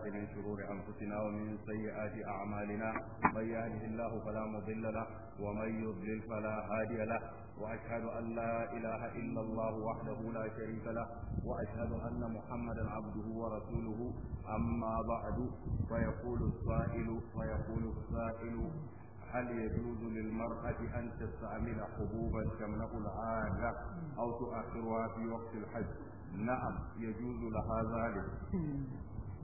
بالله من شرور أنفسنا ومن سيئات أعمالنا من يهده الله فلا مضل له ومن يضلل فلا هادي له وأشهد أن لا إله إلا الله وحده لا شريك له وأشهد أن محمدا عبده ورسوله أما بعد فيقول السائل فيقول السائل هل يجوز للمرأة أن تستعمل حبوبا تمنع العادة أو تؤخرها في وقت الحج نعم يجوز لها ذلك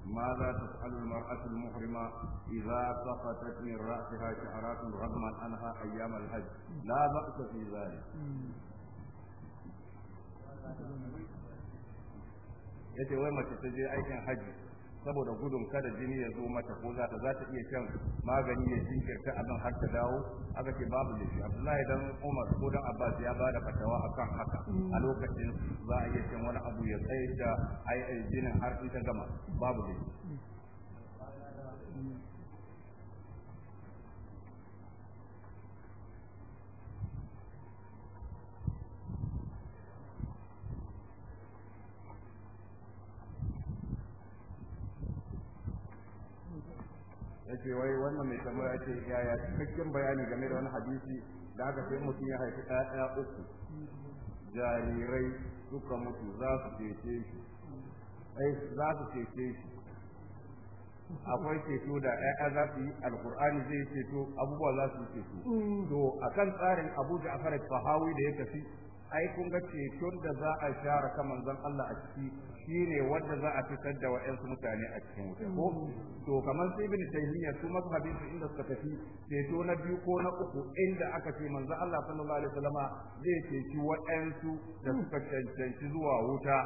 ماذا تفعل المرأة المحرمة إذا سقطت من رأسها شعرات غضما عنها أيام الحج لا بأس في ذلك yace wai mace ta saboda gudun kada jini ya zo mata ko za ta za ta iya shan magani ya ta abin har ta dawo aka ce babu da shi abdullahi dan umar ko dan abbas ya ba da fatawa akan haka a mm. lokacin za a iya shan wani abu ya tsaye da ai jinin har ita gama babu da shi ce wai wannan mai ya ce yaya cikakken bayani game da wani hadisi da aka sai mutum ya haifi ɗaya uku jarirai suka mutu za su cece shi ai za su cece shi akwai ceto da ƴaƴa za su yi alkur'ani zai ceto abubuwa za su ceto to akan tsarin Abuja da fara fahawi da ya tafi ai kun ga ceton da za a share kan manzon Allah a ciki shine wanda za a fitar da wa'ansu mutane a cikin wuta ko to kamar sai ibn taymiya su mazhabin su inda suka tafi ceto na biyu ko na uku inda aka ce manzo Allah sallallahu alaihi wasallama zai ceci wa'ansu da suka cancanci zuwa wuta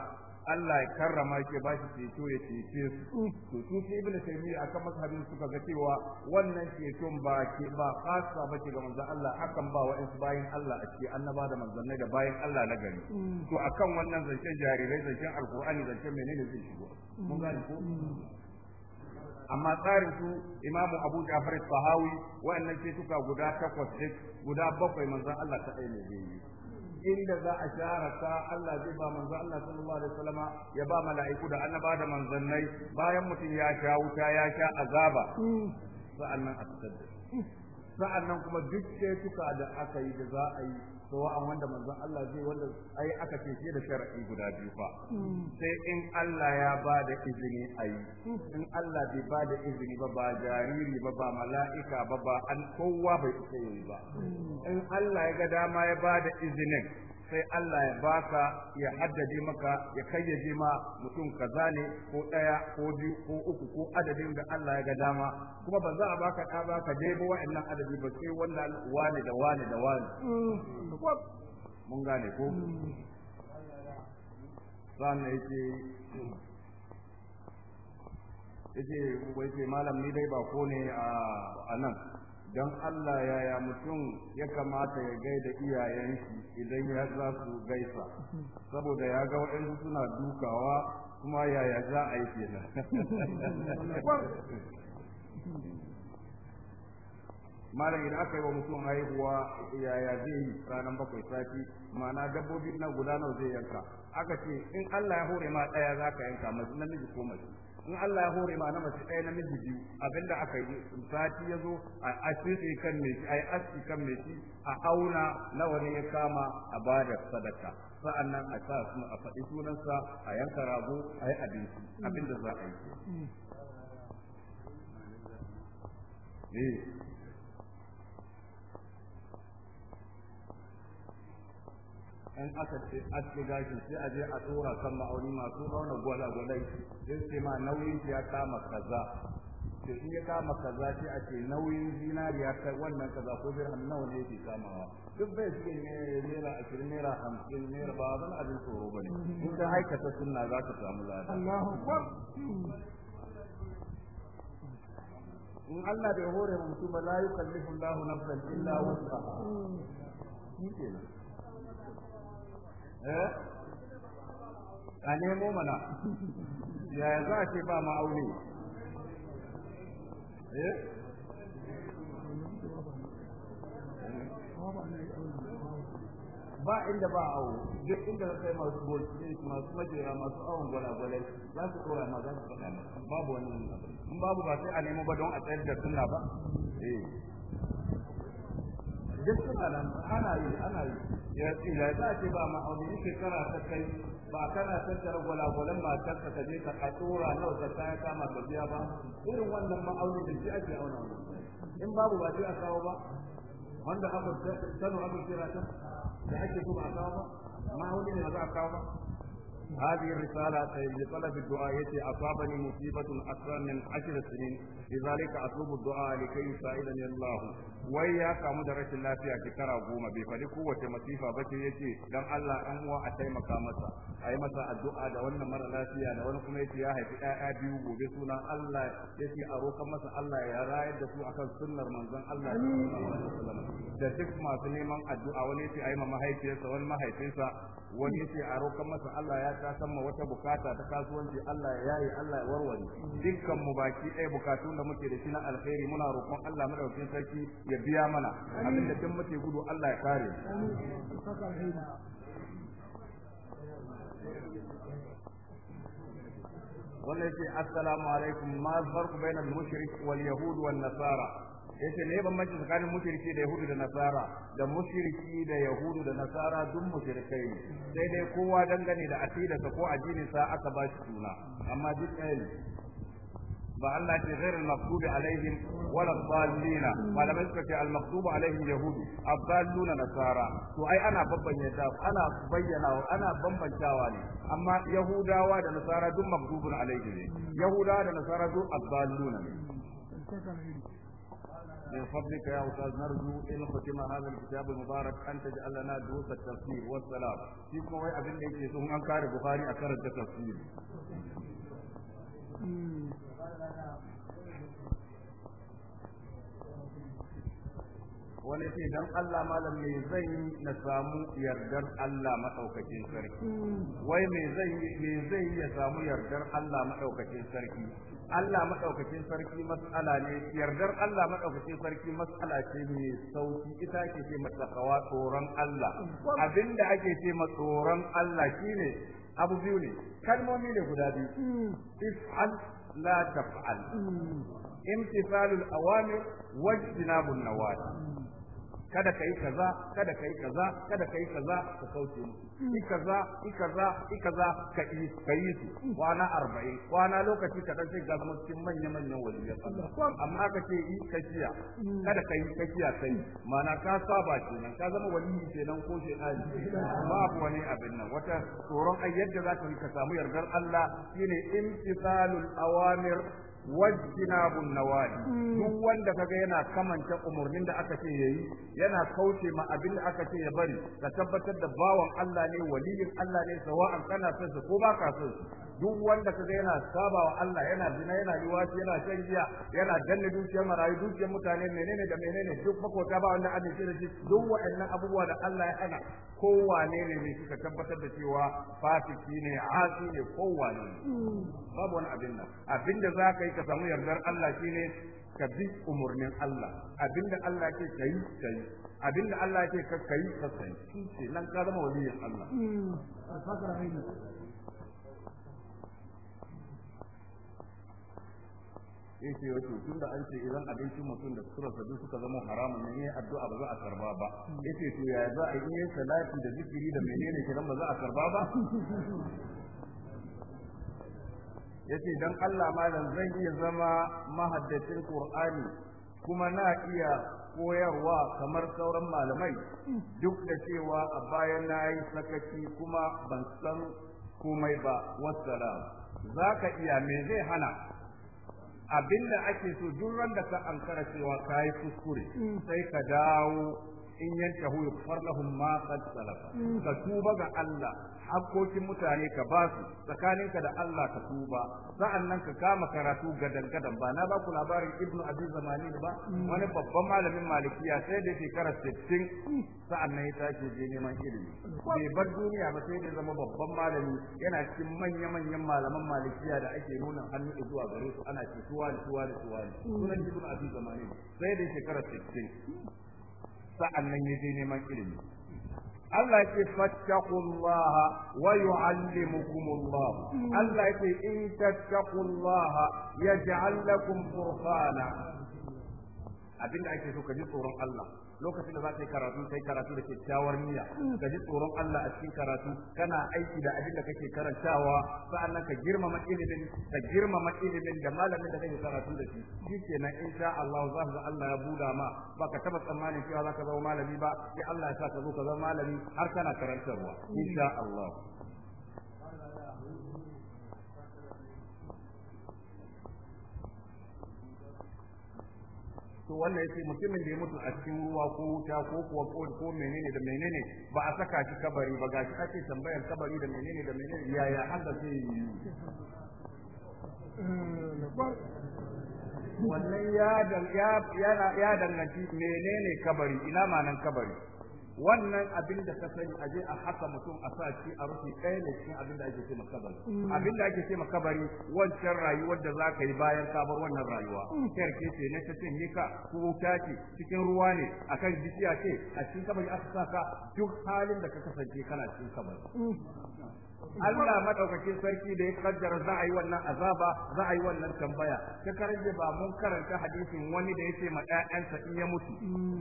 Allah ya karrama ke ba shi ceto ya cece su to su sai ibnu taymiya akan mazhabin suka ga cewa wannan ceton ba ke ba khassa ba ke ga manzon Allah akan ba wa bayin Allah a ce annaba da manzannai da bayin Allah na gari mm. to akan wannan zancen jarirai zancen alqur'ani zancen menene zai shigo mun gani ko mm. Mm. amma tsarin su imamu abu jafar sahawi wa'annan ce suka guda takwas guda bakwai manzon Allah ta aini ne yi inda za a share ta Allah zai ba manzo Allah sallallahu alaihi wasallama ya ba mala'iku da annaba da manzannai bayan mutum ya sha wuta ya sha azaba sa'annan a fitar sa'annan kuma duk sai tuka da aka yi da za a yi sawa'an wanda manzon Allah zai wanda ai aka ce da shar'i guda biyu fa sai in Allah ya ba da izini ayi in Allah bai ba da izini ba ba jariri ba ba mala'ika ba ba an kowa bai isa yi ba in Allah ya ga dama ya ba da izinin sai Allah ya baka ya haddade maka ya kayyade ma mutum kaza ne ko ɗaya ko biyu ko uku ko adadin da Allah ya ga dama kuma ba za a baka ka ba ka ba wa'annan adadi ba sai wannan wani da wani da wani mun gane ko sannan yake yake malam ni dai ba ko ne a nan don Allah yaya mutum ya kamata ya gaida iyayen shi idan ya za su gaisa saboda ya ga waɗansu suna dukawa kuma yaya za a yi kenan malam idan aka yi wa mutum haihuwa yaya zai yi ranar bakwai sati ma'ana dabbobi na guda nawa zai yanka aka ce in Allah ya hore ma ɗaya za ka yanka masu namiji ko mace in Allah ya hore ma na mace ɗaya na miji biyu abinda aka yi sati ya zo a asiri kan mai a yi aski kan mai a auna nawa ne ya kama a bada sadaka nan a sa su a faɗi sunansa a yanka rago a yi abinci abinda za a yi mm. eh. in aka ce aske gashin sai a je a tura kan ma'auni masu auna gwalagwalai sai ce ma nauyin ya kama kaza Sai in ya kama kaza sai a ce nauyin zinariya ta wannan kaza ko dirham nawa ne yake kamawa duk bai suke naira ashirin naira hamsin naira ba zan abin tsoro ba ne in ka haikata sunna za ka samu lada in Allah bai hore mutum ba la yukallifu Allahu nafsan illa wus'aha shi eh a nemo mana yaya za a ce ba ma aure eh ba inda ba awo duk inda ka kai masu bolci masu majera masu awon gwalagwalai za su tsora ma za su faɗa babu wani in babu ba sai a nemo ba don a tsayar da sunna ba eh duk suna nan ana yi ana yi ya ce ya za ce ba ma'auni in kana ta kai ba kana tattara gwalagwalan matar ka je ka katura nawa ka ta kama ka biya ba irin wannan ma'auni da shi ake auna in babu ba sai a kawo ba wanda aka sanu aka kira ta da ake so ba a kawo ba ma'auni ne ba za a kawo ba هذه الرسالة لطلب الدعاء التي أصابني مصيبة أكثر من عشر سنين لذلك أطلب الدعاء لكي يساعدني الله wai ya kamu da rashin lafiya shekara goma bai faɗi kowace masifa ba ce yace dan Allah an uwa a taimaka masa a yi masa addu'a da wannan mara lafiya da wani kuma yace ya haifi ɗaya biyu gobe suna Allah yace a roƙa masa Allah ya rayar da su akan sunnar manzon Allah da duk masu neman addu'a wani yace a yi ma mahaifiyarsa wani mahaifinsa wani yace a roƙa masa Allah ya ta san wata bukata ta kasuwanci Allah ya yi Allah ya warware dukkan mu baki ɗaya bukatun da muke da shi na alkhairi muna roƙon Allah madaukakin sarki ya biya mana abin da muke gudu Allah ya kare wannan yace assalamu alaikum ma farqu al mushrik wal yahud wal nasara yace ne ban mace tsakanin mushriki da yahudu da nasara da mushriki da yahudu da nasara duk mushrikai ne sai dai kowa dangane da aqidarsa ko sa aka ba shi suna amma duk ɗaya ba Allah ce al maghdubi alaihim wala dhalina malamai suka ce al maghdubu alaihim yahudu abdalluna nasara to ai ana babbanya ana bayyana ana bambantawa ne amma yahudawa da nasara duk maghdubun alaihim ne yahudawa da nasara duk abdalluna ne من فضلك يا أستاذ نرجو إن ختم هذا الكتاب المبارك أن تجعل لنا دروس التفسير والسلام فيكم وي أبن ليك يسوهم أنكار البخاري أكرر التفسير Hmm. wani ce don Allah malam mai zai yi na samu yardar Allah maɗaukacin sarki hmm. wai me zai yi ya samu yardar Allah maɗaukacin sarki Allah maɗaukacin sarki matsala ne yardar Allah maɗaukacin sarki matsala ce mai sauki ita ake ce matsakawa tsoron Allah abinda ake ce ma tsoron Allah shine abu biyu ne kalmomi ne guda biyu hmm. if'al la taf'al hmm. imtithalul awamir wajtinabun nawahi hmm. kada ka yi kaza kada ka yi kaza kada ka yi kaza ka kauce musu yi kaza yi kaza yi kaza ka yi ka yi su kwana arba'in kwana lokaci ka dan sai ga zama cikin manya manyan waliyan Allah amma ka ce yi kaciya kada ka yi kaciya sai mana ka saba kenan ka zama waliyi kenan ko shi ali wani abin nan wata tsoron ayyadda za ka yi ka samu yardar Allah shine imtisalul awamir wajtinabun nawali hmm. duk wanda kaga yana kamanta umurnin da aka ce yayi yana kauce ma abin da aka ce ya bari ka tabbatar da bawan Allah ne waliyin Allah ne sawa'an kana son su ko baka son su duk wanda ka ga yana sabawa Allah yana zina yana liwaci yana shan giya yana danne dukiyar marayu dukiyar mutane menene da menene duk makota ba wanda abin da shi duk waɗannan abubuwa da Allah ya hana kowane ne ne suka tabbatar da cewa fasiki ne asi ne kowane ne babu wani abin nan abin za ka yi ka samu yardar Allah shine ka bi umurnin Allah abinda Allah ke kai kai abinda Allah ke ka kai ka kai shi nan ka zama waliyin Allah hmm. sai ce tun da an ce idan abincin mutum da sutura sadu suka zama haramun ne ne addu'a ba za a karba ba yace to yaya za a yi salati da zikiri da menene nan ba za a karba ba yace dan Allah malam zan iya zama mahaddacin Qur'ani kuma na iya koyarwa kamar sauran malamai duk da cewa a bayan na yi sakaci kuma ban san komai ba wassalam za ka iya me zai hana abinda ake so duk ran da ka ankara cewa ka yi kuskure mm. sai ka dawo in hu yughfar lahum ma qad salafa ka tuba ga Allah hakkokin mutane ka ba su tsakaninka da Allah ka tuba sa'annan ka kama karatu gadan gadan ba na ba ku labarin ibnu abi zamani ba wani babban malamin malikiya sai da shekara 60 sa'annan ya tashi je neman ilimi bai bar duniya ba sai da zama babban malami yana cikin manya manyan malaman malikiya da ake nuna hannu zuwa gare su ana ce tuwa da tuwa da tuwa sunan ibnu abi zamani sai da shekara 60 sa'annan ya je neman ilimi Allah ya ce fattaqullaha wa yu'allimukumullah hmm. Allah ya ce in tattaqullaha yaj'al lakum furqana abinda ake so ka ji tsoron Allah lokacin da za ka yi karatu kai karatu da kyakkyawar niyya ka ji tsoron Allah a cikin karatu kana aiki da abin da kake karantawa sa'annan ka girmama ilimin ka girmama ilimin da malamin da kake karatu da shi shikenan insha Allah za ka Allah ya buda ma ba ka taba tsammanin cewa za ka zama malami ba sai Allah ya sa ka zo ka zama malami har kana karantarwa insha Allah to wannan yace mutumin da ya mutu a cikin ruwa ko wuta ko kuwa ko menene da menene ba a saka shi kabari ba gashi ake tambayar kabari da menene da menene yaya Allah zai yi wannan ya ya ya danganci menene kabari ina manan kabari wannan abin da ka sani a je a haka mutum a sa shi a rufe ɗaya ne cikin abin da ake ce makabari mm. abin da ake ce makabari wancan rayuwar da za ka yi bayan ka wannan rayuwa mm. kyarke ce na cikin nika ko wuta ce cikin ruwa ne akan bishiya ce a cikin kabari aka sa ka duk halin da ka kasance kana cikin kabari mm. Allah madaukakin sarki da ya kaddara za a yi wannan azaba za a yi wannan tambaya ta karje ba mun karanta hadisin wani da yace ma ƴaƴansa in ya mutu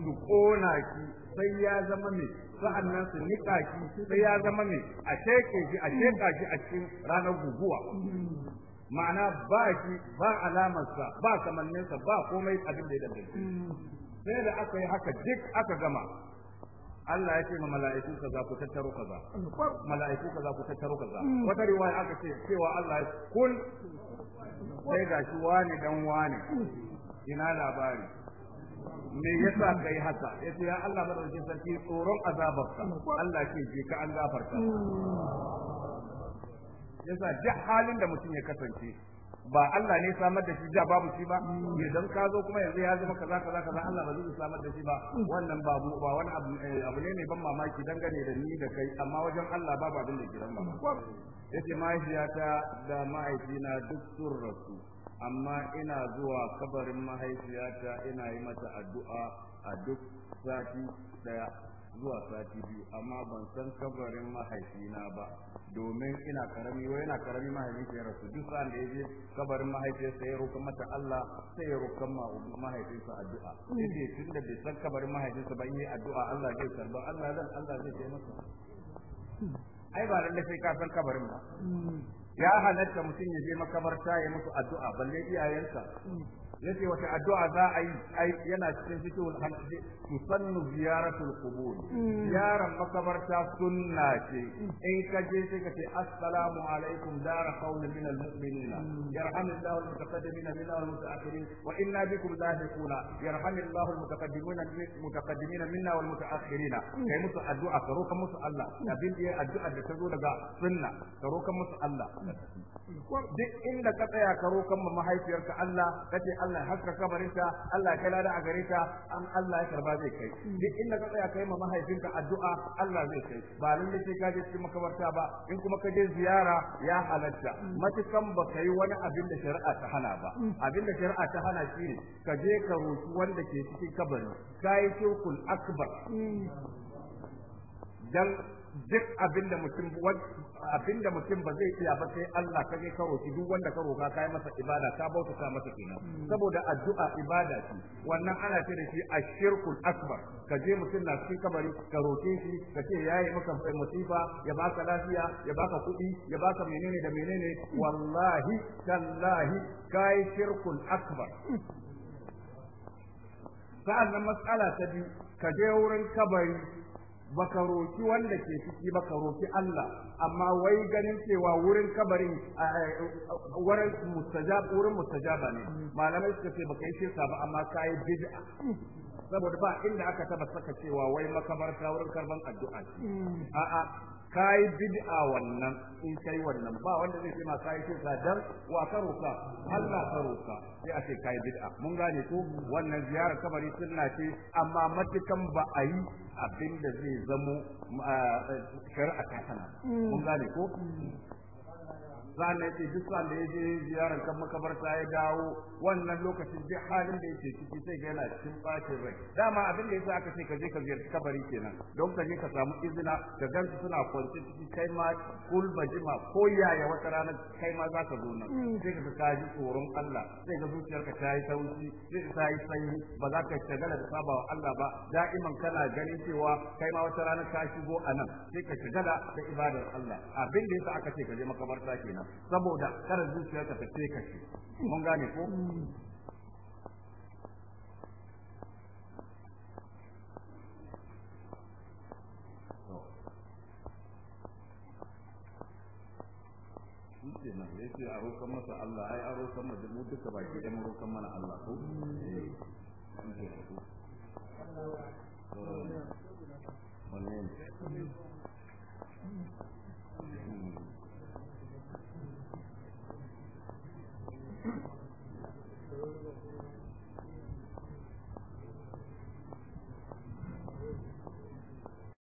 su kona shi sai ya zama me sa'annan su nika shi sai ya zama me a sheke shi a sheka shi a cikin ranar guguwa ma'ana ba shi ba alamarsa ba kamanninsa ba komai abin da ya dace sai da aka yi haka duk aka gama Allah ya ce ma mala'iku kaza ku tattaro kaza mala'iku kaza ku tattaro kaza hmm. wata riwaya aka ce cewa Allah ya kun sai gashi wani dan wani ina labari me yasa kai haka yace ya Allah madaukakin sarki tsoron azabarka Allah ce ji ka an gafarta hmm. yasa duk halin da mutum ya kasance ba Allah ne samar da shi da babu shi ba idan dan ka zo kuma yanzu ya zama kaza kaza kaza Allah ba zai samar da shi ba wannan babu ba wani abu eh, ne ne ban mamaki dangane da ni da kai amma wajen Allah babu abin da kiran ba yace mahaifiyata da mahaifina duk sun rasu amma ina zuwa kabarin mahaifiyata ina yi mata addu'a a duk sati daya zuwa sati biyu amma ban san kabarin mahaifina ba domin ina karami wai yana karami mahaifin ya rasu duk sa'an da ya je kabarin mahaifinsa ya roƙa mata Allah sai ya roƙa mahaifinsa addu'a yace tunda bai san kabarin mahaifinsa ba in yi addu'a Allah zai karba Allah zan Allah zai taimaka ai ba lalle sai ka san kabarin ba hmm. ya halatta mutum ya je makabarta ya musu addu'a balle iyayensa yace wata addu'a za a yi ai yana cikin fikihul hanafi sannu ziyaratul qubur mm. ziyarar makabarta sunna ce in ka je sai ka ce assalamu alaikum dar qawmin min almu'minina mm. yarhamillahu almutaqaddimina minna wal mutaakhirin wa inna bikum lahiquna yarhamillahu almutaqaddimina mutaqaddimina minna wal mutaakhirina mm. kai musu addu'a ka roka musu Allah abin da addu'a da ta zo daga sunna ka roka musu Allah duk inda ka tsaya ka roka mahaifiyarka Allah kace Allah Allah haska haska kabarinta Allah ya kai lada a gare ta an Allah ya karba zai kai duk inda ka tsaya kai ma mahaifinka addu'a Allah zai kai ba lallai sai ka je cikin makabarta ba in kuma ka je ziyara ya halatta matukan ba kai wani abin da shari'a ta hana ba abin da shari'a ta hana shine ka je ka roki wanda ke cikin kabari kai shirkul akbar mm. dan duk abinda mutum abinda mutum ba zai iya ba sai Allah ka je ka roki duk wanda ka roka kai masa ibada ka bauta ka masa kenan hmm. saboda addu'a ibada ce wannan ana ce da shi ashirkul akbar ka je mutum na cikin kabari ka roke shi ka ce yayi maka musiba ya baka lafiya ya baka kuɗi ya baka menene da menene wallahi tallahi kai shirkul akbar sa'an nan matsala ta biyu ka je wurin kabari baka roki wanda ke ciki baka roki Allah amma wai ganin cewa wurin kabarin wurin mustajab wurin mustajaba ne malamai suka ce baka yi shirka ba amma kai bid'a saboda ba inda aka taba saka cewa wai makabarta wurin karban addu'a a'a kayi bid'a wannan in kai wannan ba wanda zai ce ma kayi sa dan wa karuka Allah karuka sai a ce kayi bid'a mun gane ko wannan ziyarar kabari sunna ce amma matukan ba a yi abinda zai zamo ah, shari'a ta sana mun gane ko Zane ce duk sa da yaje ziyarar kan makabarta ya dawo wannan lokacin duk halin da yake ciki sai ga yana cikin bakin rai dama abin da yasa aka ce ka je ka ziyarci kabari kenan don ka je ka samu izina ka gansu suna kwance ciki kai ma kul bajima ko yaya wata ranar kai ma za ka zo nan mm. sai ka ka ji tsoron Allah sai ka zuciyarka ta yi taushi sai ta yi sanyi ba za ka shagala da sabawa Allah ba da'iman kana ganin cewa kai ma wata ranar ka shigo a nan sai ka shagala da ibadar Allah abin da yasa aka ce ka je makabarta kenan saboda karar zuciya ta fice kashe mun gane ko kenan ya ce a roƙon masa Allah ai a roƙon masa mu duka baki ɗaya mu rokan mana Allah ko wannan eh.